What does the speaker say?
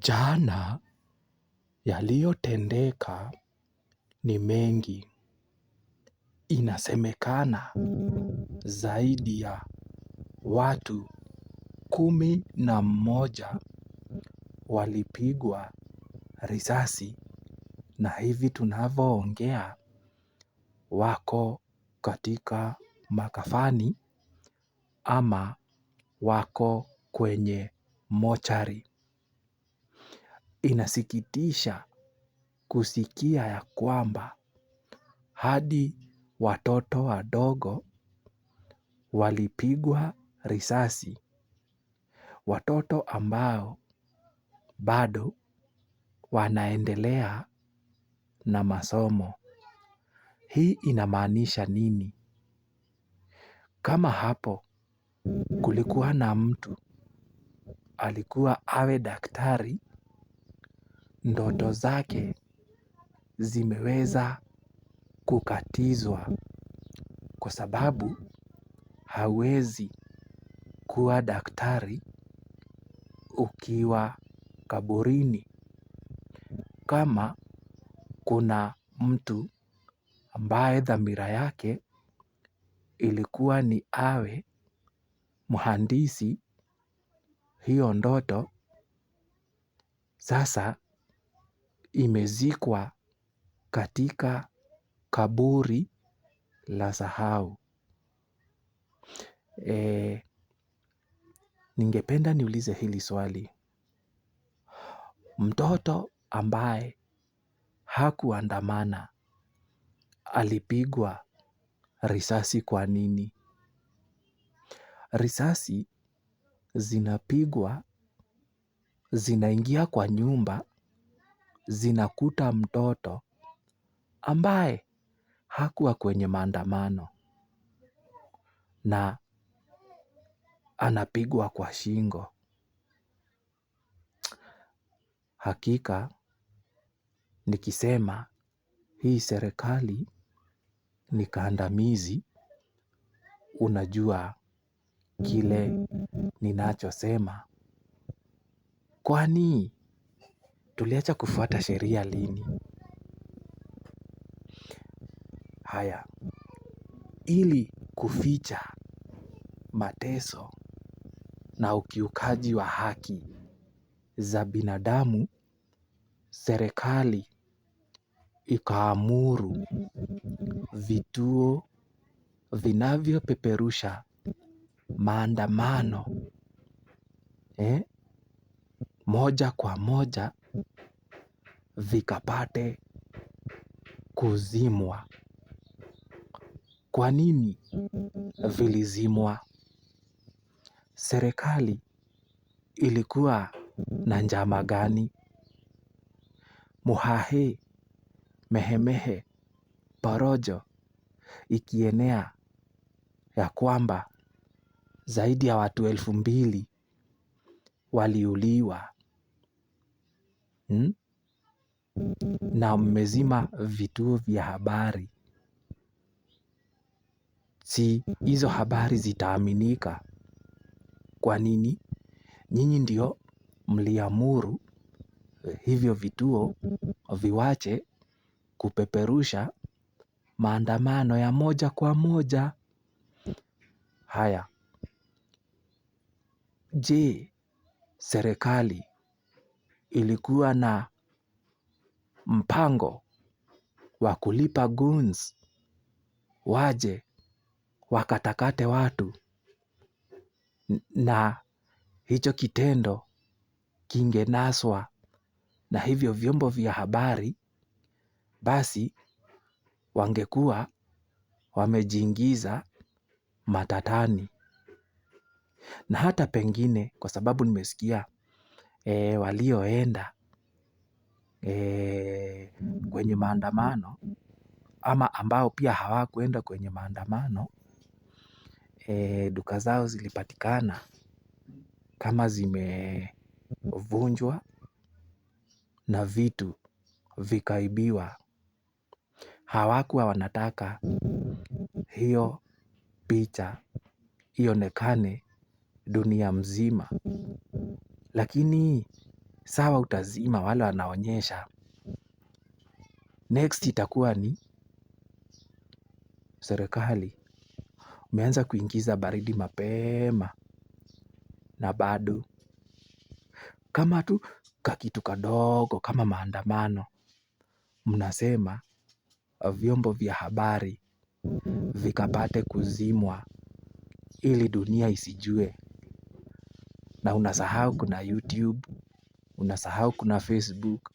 Jana yaliyotendeka ni mengi. Inasemekana zaidi ya watu kumi na mmoja walipigwa risasi na hivi tunavyoongea wako katika makafani ama wako kwenye mochari. Inasikitisha kusikia ya kwamba hadi watoto wadogo walipigwa risasi. Watoto ambao bado wanaendelea na masomo. Hii inamaanisha nini? Kama hapo kulikuwa na mtu alikuwa awe daktari ndoto zake zimeweza kukatizwa kwa sababu hawezi kuwa daktari ukiwa kaburini. Kama kuna mtu ambaye dhamira yake ilikuwa ni awe mhandisi hiyo ndoto sasa imezikwa katika kaburi la sahau. E, ningependa niulize hili swali. Mtoto ambaye hakuandamana alipigwa risasi kwa nini? Risasi zinapigwa, zinaingia kwa nyumba zinakuta mtoto ambaye hakuwa kwenye maandamano na anapigwa kwa shingo. Hakika nikisema hii serikali ni kandamizi unajua kile ninachosema. Kwani Tuliacha kufuata sheria lini? Haya, ili kuficha mateso na ukiukaji wa haki za binadamu, serikali ikaamuru vituo vinavyopeperusha maandamano eh, moja kwa moja vikapate kuzimwa. Kwa nini vilizimwa? Serikali ilikuwa na njama gani? Muhahe, mehemehe, porojo ikienea ya kwamba zaidi ya watu elfu mbili waliuliwa Hmm? na mmezima vituo vya habari. Si hizo habari zitaaminika. Kwa nini? Nyinyi ndio mliamuru eh, hivyo vituo viwache kupeperusha maandamano ya moja kwa moja. Haya, je, serikali ilikuwa na mpango wa kulipa guns waje wakatakate watu na hicho kitendo kingenaswa na hivyo vyombo vya habari basi wangekuwa wamejiingiza matatani. Na hata pengine kwa sababu nimesikia Eh, walioenda eh, kwenye maandamano ama ambao pia hawakuenda kwenye maandamano eh, duka zao zilipatikana kama zimevunjwa na vitu vikaibiwa. Hawakuwa wanataka hiyo picha ionekane dunia mzima. Lakini sawa utazima wale wanaonyesha. Next itakuwa ni serikali. Umeanza kuingiza baridi mapema na bado. Kama tu kakitu kadogo kama maandamano. Mnasema vyombo vya habari vikapate kuzimwa ili dunia isijue na unasahau kuna YouTube, unasahau kuna Facebook,